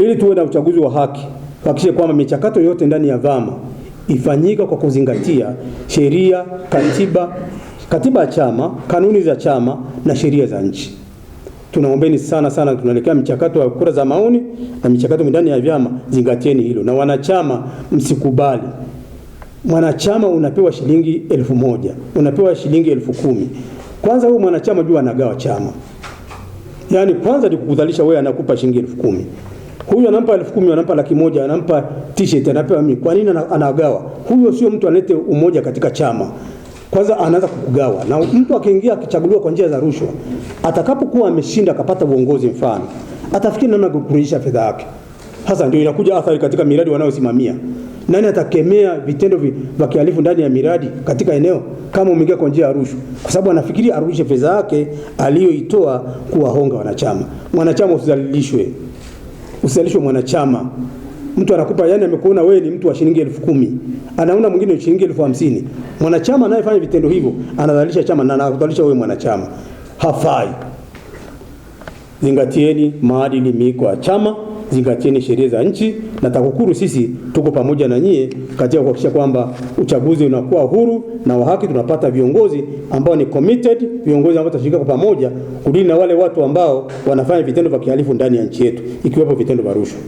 ili tuwe na uchaguzi wa haki, hakikishe kwamba michakato yote ndani ya vyama ifanyika kwa kuzingatia sheria, katiba, katiba ya chama, kanuni za chama na sheria za nchi. Tunaombeni sana sana, tunaelekea mchakato wa kura za maoni na michakato ndani ya vyama, zingatieni hilo. Na wanachama, msikubali mwanachama unapewa shilingi elfu moja unapewa shilingi elfu kumi Kwanza huyu mwanachama jua anagawa chama, yaani kwanza ni kukudhalisha wewe, anakupa shilingi elfu kumi Huyu anampa elfu kumi, anampa laki moja, anampa t-shirt, anapewa mimi. Kwa nini anagawa? Huyo sio mtu anete umoja katika chama. Kwanza anaanza kukugawa, na mtu akiingia akichaguliwa kwa njia za rushwa, atakapokuwa ameshinda akapata uongozi mfano, atafikiri namna kukurudisha fedha yake. Hasa ndio inakuja athari katika miradi wanayosimamia. Nani atakemea vitendo vya kihalifu ndani ya miradi katika eneo kama umeingia kwa njia ya rushwa? Kwa sababu anafikiri arudishe fedha yake aliyoitoa kuwahonga wanachama. Mwanachama usidhalilishwe kusalishwa mwanachama. Mtu anakupa yani, amekuona wewe ni mtu wa shilingi elfu kumi anaona mwingine shilingi elfu hamsini Mwanachama anayefanya vitendo hivyo anadhalilisha chama na anadhalilisha wewe mwanachama, hafai. Zingatieni maadili miiko ya chama zingatieni sheria za nchi, na TAKUKURU sisi tuko pamoja na nyie katika kuhakikisha kwamba uchaguzi unakuwa huru na wa haki. Tunapata viongozi ambao ni committed, viongozi ambao tutashirika kwa pamoja kudili na wale watu ambao wanafanya vitendo vya kihalifu ndani ya nchi yetu, ikiwepo vitendo vya rushwa.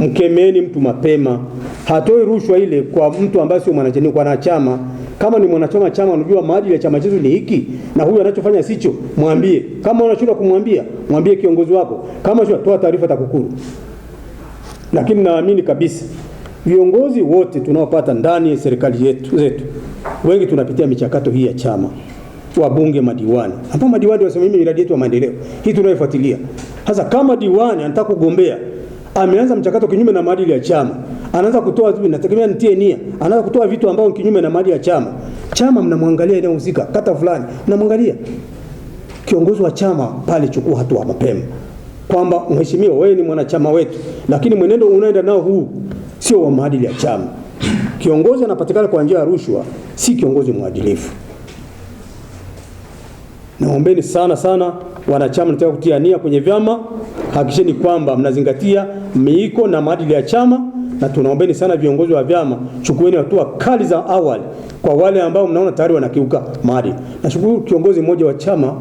Mkemeni mtu mapema, hatoi rushwa ile kwa mtu ambaye sio mwanachama, kwa chama Kama ni mwanachama chama, unajua maadili ya chama chetu ni hiki na huyu anachofanya sicho, mwambie. Kama unashindwa kumwambia, mwambie kiongozi wako. Kama sio, toa taarifa TAKUKURU. Lakini naamini kabisa viongozi wote tunaopata ndani ya serikali yetu zetu wengi tunapitia michakato hii ya chama, wabunge, madiwani, hapo madiwani wasimamia miradi yetu ya maendeleo hii tunayofuatilia. Sasa kama diwani anataka kugombea ameanza mchakato kinyume na maadili ya chama, anaanza kutoa vitu, nategemea nitie nia, anaanza kutoa vitu ambavyo kinyume na maadili ya chama. Chama mnamwangalia eneo husika, kata fulani mnamwangalia. Kiongozi wa chama pale, chukua hatua mapema kwamba mheshimiwa, wewe ni mwanachama wetu, lakini mwenendo unaenda nao huu sio wa maadili ya chama. Kiongozi anapatikana kwa njia ya rushwa, si kiongozi mwadilifu. Naombeni sana sana wanachama, nataka kutia nia kwenye vyama, hakikisheni kwamba mnazingatia miiko na maadili ya chama, na tunaombeni sana viongozi wa vyama, chukueni hatua kali za awali kwa wale ambao mnaona tayari wanakiuka maadili. Nashukuru kiongozi mmoja wa chama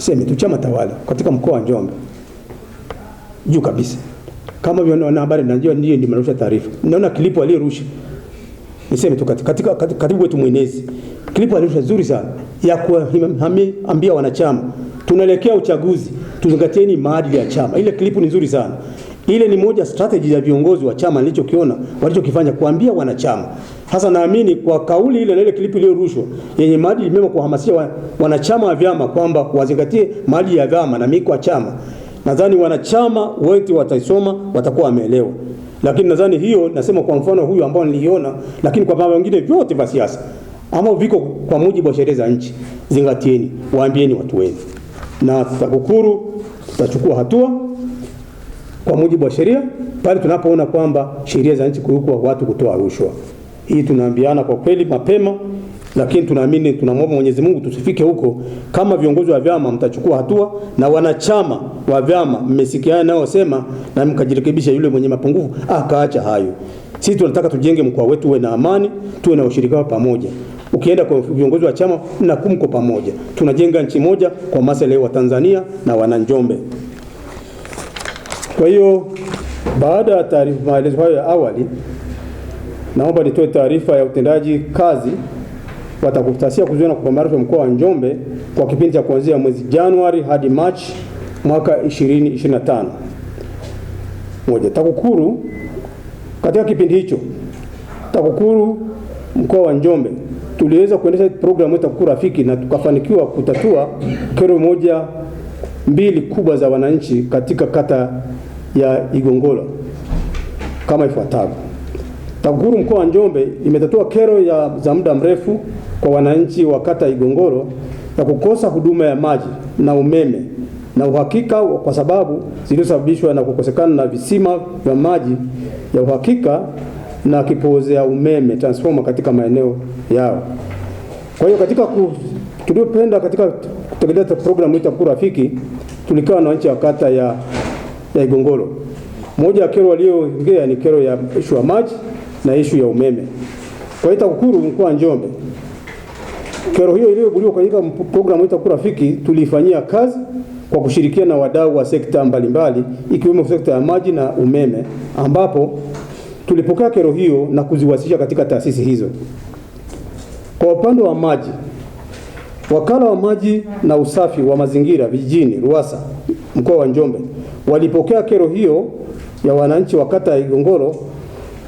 seme tu chama tawala katika mkoa wa Njombe juu kabisa, kama wanahabari najua ndio ndio marusha taarifa, naona klipu aliyerusha, niseme tu katika katibu wetu mwenezi, klipu alirusha nzuri sana ya kuambia wanachama tunaelekea uchaguzi, tuzingatieni maadili ya chama. Ile klipu ni nzuri sana. Ile ni moja strategy ya viongozi wa chama nilichokiona walichokifanya kuambia wanachama. Sasa naamini kwa kauli ile na ile klipu iliyorushwa yenye maadili mema kuhamasisha wa, wanachama wa vyama kwamba wazingatie maadili ya vyama na miko ya chama. Nadhani wanachama wote wataisoma watakuwa wameelewa. Lakini nadhani hiyo nasema kwa mfano huyu ambao niliona, lakini kwa vyama wengine vyote vya siasa ama viko kwa mujibu wa sheria za nchi, zingatieni, waambieni watu wenu, na TAKUKURU tutachukua hatua kwa mujibu wa sheria pale tunapoona kwamba sheria za nchi kuhusu watu kutoa rushwa. Hii tunaambiana kwa kweli mapema, lakini tunaamini, tunamwomba Mwenyezi Mungu tusifike huko. Kama viongozi wa vyama mtachukua hatua na wanachama wa vyama mmesikiana nao sema na mkajirekebisha, yule mwenye mapungufu akaacha hayo. Sisi tunataka tujenge mkoa wetu uwe na amani, tuwe na ushirika pamoja. Ukienda kwa viongozi wa chama na kumko pamoja, tunajenga nchi moja kwa maslahi ya Tanzania na wananjombe. Kwa hiyo baada ya taarifa maelezo hayo ya awali, naomba nitoe taarifa ya utendaji kazi wa TAKUKUTASIA kuzuia na kupambana rushwa mkoa wa Njombe kwa kipindi cha kuanzia mwezi Januari hadi Machi mwaka 2025. Moja, TAKUKURU katika kipindi hicho TAKUKURU mkoa wa Njombe tuliweza kuendesha programu ya TAKUKURU Rafiki na tukafanikiwa kutatua kero moja mbili kubwa za wananchi katika kata ya Igongola kama ifuatavyo. TAKUKURU mkoa wa Njombe imetatua kero ya za muda mrefu kwa wananchi wa kata Igongoro ya kukosa huduma ya maji na umeme na uhakika kwa sababu zilizosababishwa na kukosekana na visima vya maji ya uhakika na kipozea umeme transformer katika maeneo yao. Kwa hiyo katika ku, tuliopenda katika kutekeleza programu ya TAKUKURU Rafiki tulikaa na wananchi wa kata ya ya Igongoro. Moja ya kero walioongea ni kero ya ishu ya maji na ishu ya umeme. Kwa hiyo TAKUKURU mkoa Njombe, kero hiyo iliyoibuliwa katika programu ya TAKUKURU Rafiki tulifanyia kazi kwa kushirikiana na wadau wa sekta mbalimbali ikiwemo sekta ya maji na umeme, ambapo tulipokea kero hiyo na kuziwasilisha katika taasisi hizo. Kwa upande wa maji, wakala wa maji na usafi wa mazingira vijijini RUWASA mkoa wa Njombe walipokea kero hiyo ya wananchi wa kata ya Igongoro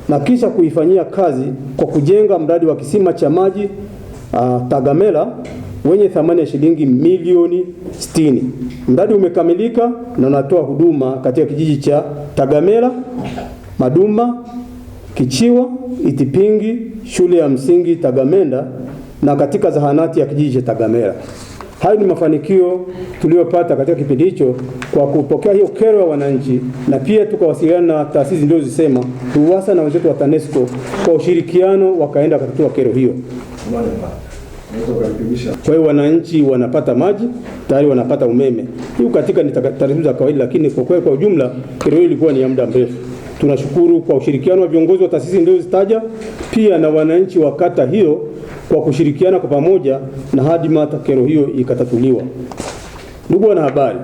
na kisha kuifanyia kazi kwa kujenga mradi wa kisima cha maji uh, Tagamela wenye thamani ya shilingi milioni 60. Mradi umekamilika na unatoa huduma katika kijiji cha Tagamela, Maduma, Kichiwa, Itipingi, shule ya msingi Tagamenda na katika zahanati ya kijiji cha Tagamela. Hayo ni mafanikio tuliyopata katika kipindi hicho kwa kupokea hiyo kero ya wananchi, na pia tukawasiliana na taasisi zisema TUWASA na wenzetu wa TANESCO, kwa ushirikiano wakaenda wakatatua kero hiyo. Kwa hiyo wananchi wanapata maji tayari, wanapata umeme. Hiyo katika ni taratibu za kawaida, lakini kwa kweli, kwa ujumla, kero hiyo ilikuwa ni ya muda mrefu. Tunashukuru kwa ushirikiano wa viongozi wa taasisi zitaja pia na wananchi wa kata hiyo kwa kushirikiana kwa pamoja na hadi mata kero hiyo ikatatuliwa. Ndugu wanahabari,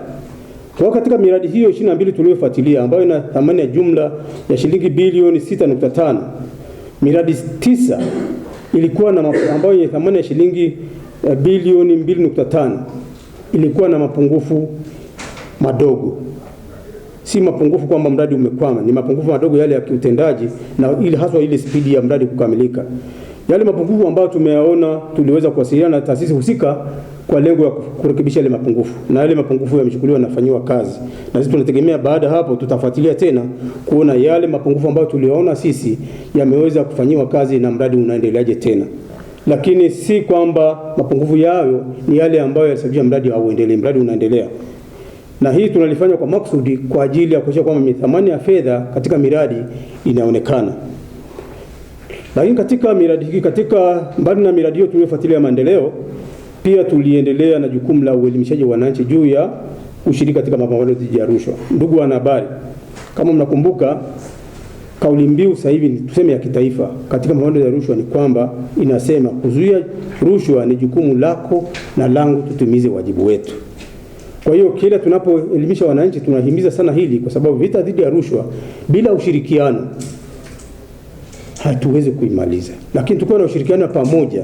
kwa katika miradi hiyo 22 tuliyofuatilia ambayo ina thamani ya jumla ya shilingi bilioni 6.5, miradi tisa ilikuwa na ambayo yenye thamani ya shilingi eh, bilioni 2.5 ilikuwa na mapungufu madogo. Si mapungufu kwamba mradi umekwama, ni mapungufu madogo yale ya kiutendaji na ili haswa ile spidi ya mradi kukamilika. Yale mapungufu ambayo tumeyaona, tuliweza kuwasiliana na taasisi husika kwa lengo ya kurekebisha yale mapungufu, na yale mapungufu yamechukuliwa nafanyiwa kazi, na sisi tunategemea baada hapo tutafuatilia tena kuona yale mapungufu ambayo tuliyaona sisi yameweza kufanyiwa kazi na mradi unaendeleaje tena lakini si kwamba mapungufu yayo ni yale ambayo yalisababisha mradi hauendelee. Mradi unaendelea, na hii tunalifanya kwa makusudi kwa ajili ya kuhakikisha kwamba thamani ya fedha katika miradi inaonekana. Lakini katika miradi hii, katika mbali na miradi hiyo tuliyofuatilia maendeleo, pia tuliendelea na jukumu la uelimishaji wa wananchi juu ya ushiriki katika mapambano dhidi ya rushwa. Ndugu wanahabari, kama mnakumbuka kauli mbiu sasa hivi tuseme ya kitaifa katika mapambano ya rushwa ni kwamba inasema kuzuia rushwa ni jukumu lako na langu, tutimize wajibu wetu. Kwa hiyo kila tunapoelimisha wananchi tunahimiza sana hili, kwa sababu vita dhidi ya rushwa bila ushirikiano hatuwezi kuimaliza, lakini tukiwa na ushirikiano pamoja,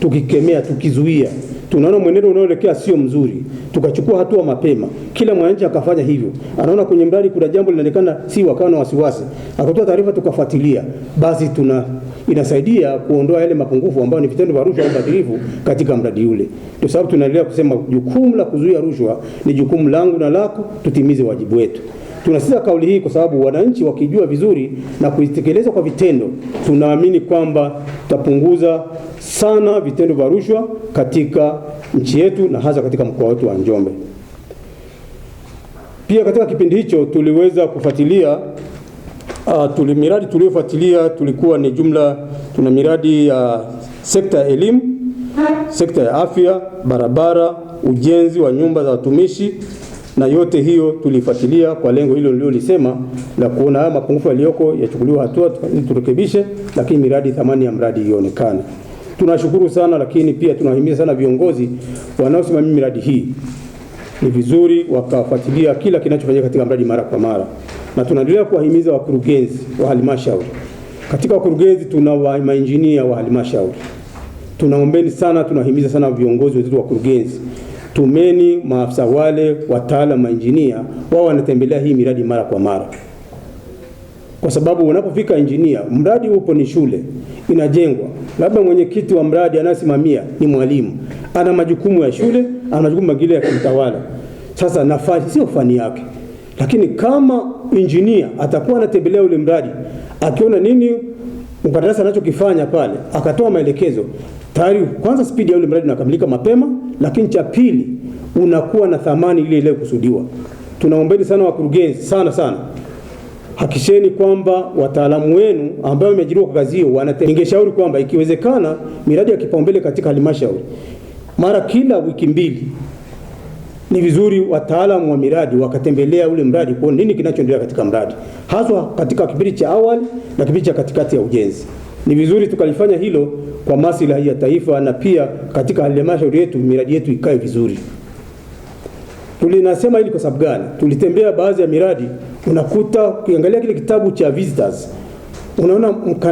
tukikemea, tukizuia, tunaona mwenendo unaoelekea sio mzuri, tukachukua hatua mapema, kila mwananchi akafanya hivyo, anaona kwenye mradi kuna jambo linaonekana si wakana, wasiwasi, akatoa taarifa, tukafuatilia, basi tuna inasaidia kuondoa yale mapungufu ambayo ni vitendo vya rushwa au ubadhirifu katika mradi ule. Ndio sababu tunaendelea kusema jukumu la kuzuia rushwa ni jukumu langu na lako, tutimize wajibu wetu. Tunasisitiza kauli hii kwa sababu wananchi wakijua vizuri na kuitekeleza kwa vitendo, tunaamini kwamba tutapunguza sana vitendo vya rushwa katika nchi yetu na hasa katika mkoa wetu wa Njombe. Pia katika kipindi hicho tuliweza kufuatilia uh, tuli miradi tuliyofuatilia tulikuwa ni jumla, tuna miradi ya uh, sekta ya elimu, sekta ya afya, barabara, ujenzi wa nyumba za watumishi na yote hiyo tulifuatilia kwa lengo hilo nililosema la kuona haya mapungufu yaliyoko yachukuliwa hatua ili turekebishe, lakini miradi thamani ya mradi ionekane. Tunashukuru sana, lakini pia tunahimiza sana viongozi wanaosimamia miradi hii, ni vizuri wakafuatilia kila kinachofanyika katika mradi mara kwa mara, na tunaendelea kuwahimiza wakurugenzi wa halmashauri. Katika wakurugenzi tuna wa mainjinia wa halmashauri, tunaombeni sana, tunahimiza sana viongozi wenzetu wakurugenzi tumeni maafisa wale wataalamu mainjinia, wao wanatembelea hii miradi mara kwa mara, kwa sababu unapofika injinia, mradi upo, ni shule inajengwa, labda mwenyekiti wa mradi anasimamia ni mwalimu, ana majukumu ya shule, ana majukumu mengine ya kimtawala. Sasa nafasi sio fani yake, lakini kama injinia atakuwa anatembelea ule mradi, akiona nini mkandarasi anachokifanya pale, akatoa maelekezo tayari, kwanza spidi ya ule mradi unakamilika mapema lakini cha pili unakuwa na thamani ile ile kusudiwa. Tunaombeni sana wakurugenzi, sana sana hakisheni kwamba wataalamu wenu ambao wameajiriwa kwa kazi hiyo wanate. Ningeshauri kwamba ikiwezekana miradi ya kipaumbele katika halmashauri mara kila wiki mbili ni vizuri wataalamu wa miradi wakatembelea ule mradi kuona nini kinachoendelea katika mradi, haswa katika kipindi cha awali na kipindi cha katikati ya ujenzi. Ni vizuri tukalifanya hilo kwa maslahi ya taifa na pia katika halmashauri yetu miradi yetu ikae vizuri. Tulinasema hili kwa sababu gani? Tulitembea baadhi ya miradi, unakuta ukiangalia kile kitabu cha visitors, unaona mkandarasi